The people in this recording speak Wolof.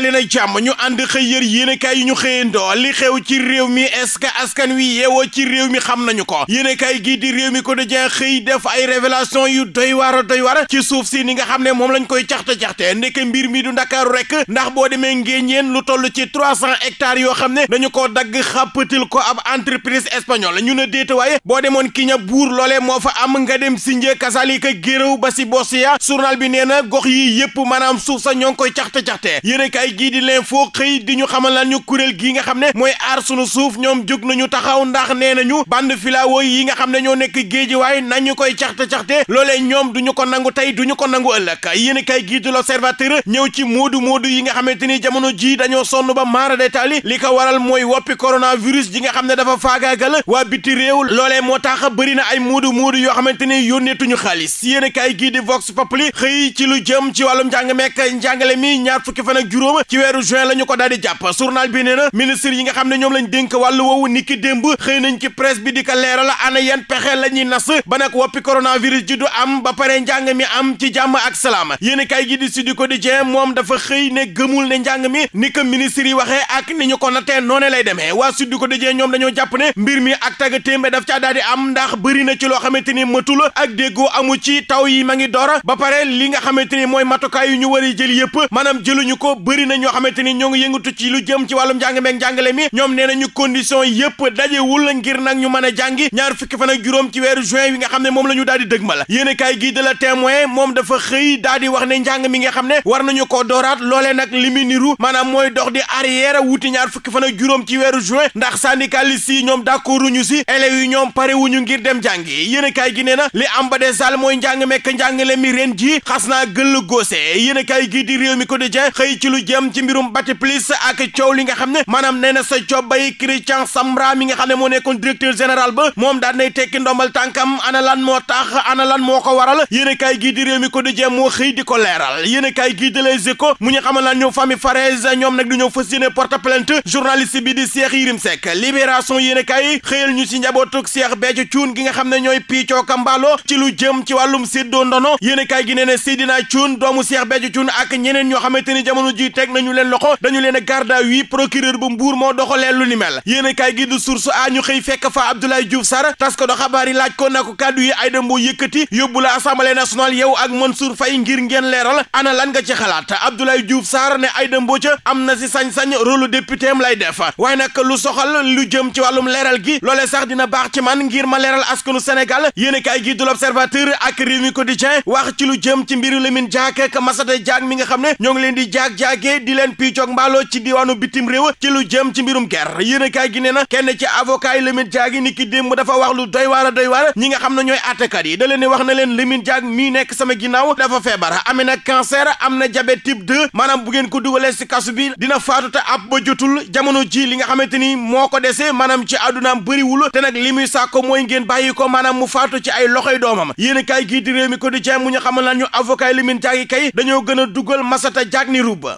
dali na jàmm ñu ànd xëy yër yéenekaay yi ñu xëyandoo li xew ci réew mi est-ce que askan wi yeewoo ci réew mi xam nañu ko yéenekaay gii di réew mi ko dajee xëy def ay révélation yu doy waar doy waar ci suuf si ni nga xam ne moom lañ koy caxte-caxte ndeke mbir mi du ndakaaru rek ndax boo demee ngéeñeen lu toll ci trois cent hectares yoo xam ne dañu koo dagg xàppatil ko ab entreprise espagnole ñu ne déete waaye boo demoon ki ña buur loole moo fa am nga dem Sindié kasaalika géréw ba si Bosia journal bi nee na gox yi yëpp maanaam suuf sa ñoo koy caxte-caxte kaay gii di l'info xëy di ñu xamal lan ñu kuréel gii nga xam ne mooy aar sunu suuf ñoom jóg nañu taxaw ndax nee nañu bande filao yi nga xam ne ñoo nekk géej géejiwaay nañu koy caxte-caxte loolee ñoom duñu ko nangu tey duñu ko nangu ëllëg yéen kaay gii di l'observateur ñëw ci moodu moodu yi nga xamante ni jamono jii dañoo sonn ba maara taali li ko waral mooy woppi coronavirus ji nga xam ne dafa faagaagal waa biti réew loole moo tax bari na ay moodu moodu yoo xamante ni yónneetuñu xaalis yéen kaay gii di vox populi xëy ci lu jëm ci wàllum njàng mekk njàngale mi ñaar fukki fan ak juróom moom ci weeru juin la ñu ko daal di jàpp journal bi nee ministre yi nga xam ne ñoom lañ dénk wàllu woowu niki démb xëy nañ ci presse bi di ko leeral ana yan pexe la nas ba nag woppi coronavirus ji du am ba pare njàng mi am ci jàmm ak salaam yéen a kaay gi di Sud Quotidien moom dafa xëy ne gëmul ne njàng mi ni ko ministre yi waxee ak ni ñu ko nattee noone lay demee waa Sud Quotidien ñoom dañoo jàpp ne mbir mi ak tagga téembe daf caa daal am ndax bëri na ci loo xamante ni matul ak déggoo amu ci taw yi ma ngi door ba pare li nga xamante ni mooy matukaay yu ñu war a bëri na ñoo xamante ni ñoo ngi yëngatu ci lu jëm ci nag ne moom la ñu daal di mi nga xam ne war nañu ko dooraat loolee nag li mu niru maanaam mooy dox di arrière wuti ñaar fukki fan ak juróom ci weeru juin ndax syndicaliste yi ñoom d'accorduñu si élèves ñoom pare ngir dem jàngi yéen kaay gi nee na li am ba des daal mooy njàng mekk njàngale mi ren ji xas naa gëll góose yéen kaay gi di réew mi ko di xëy ci lu jëm ci mbirum Batiplus ak coow li nga xam ne maanaam nee na sa cobbay Christian Sambra mi nga xam ne moo nekkoon directeur général ba moom daan nay tekki ndombal tànkam ana lan moo tax ana lan moo ko waral yéen a kaay gii di réew mi ko di jëm moo xëy di ko leeral yéen a kaay gii di mu ñu xam laan ñoom famille Farès ñoom nag du ñëw fas yéene porte plainte journaliste bi di Cheikh Yérim Seck libération yéen a kaay xëyal ñu si njabootug Cheikh Béthio Thioune gi nga xam ne ñooy piicoo kambaaloo ci lu jëm ci wàllum séddoo ndono yéen a kaay gi nee ne Seydina Thioune doomu Cheikh Béthio Thioune ak ñeneen ñoo xamante ni jamono ji teg nañu leen loxo dañu leen a garde à vue bu Mbuur moo doxalee lu ni mel yéen a kaay gi du source a ñu xëy fekk fa Abdoulaye Diouf Sarr tas ko do xabaar yi laaj ko na ko kàddu yi Aïda Mbodj yëkkati yóbbu la assemblée nationale yow ak Mansour Faye ngir ngeen leeral ana lan nga ci xalaat Abdoulaye Diouf Sarr ne Aïda Mbodj am na si sañ-sañ rôle député am lay def waaye nag lu soxal lu jëm ci wàllum leeral gi loolee sax dina baax ci man ngir ma leeral askanu Sénégal yéen a kaay gi du l'observateur ak Rewmi Quotidien wax ci lu jëm ci mbiru Lamine mi nga xam ne ñoo ngi leen di jaag Mbacké di leen piicoog mbaaloo ci diwaanu bitim réew ci lu jëm ci mbirum ger yéenekaay gi nee na kenn ci avocat yi Lamine Diack yi dafa wax lu doy waar a doy waar nga xam ne ñooy àttekat yi leen di wax na leen Lamine Diack mii nekk sama ginnaaw dafa feebar amee na cancer am na jabe type 2 maanaam bu ngeen ko dugalee si kasu bi dina faatu te ab ba jamono ji li nga xamante ni moo ko dese maanaam ci àddunaam bëriwul te nag li muy sàkko mooy ngeen bàyyi ko maanaam mu faatu ci ay loxoy doomam yéenekaay gi di réew mi ko di jeex mu ñu xamal na ñu avocat yi Lamine Diack yi kay dañoo gën a dugal masata jaag ni rubba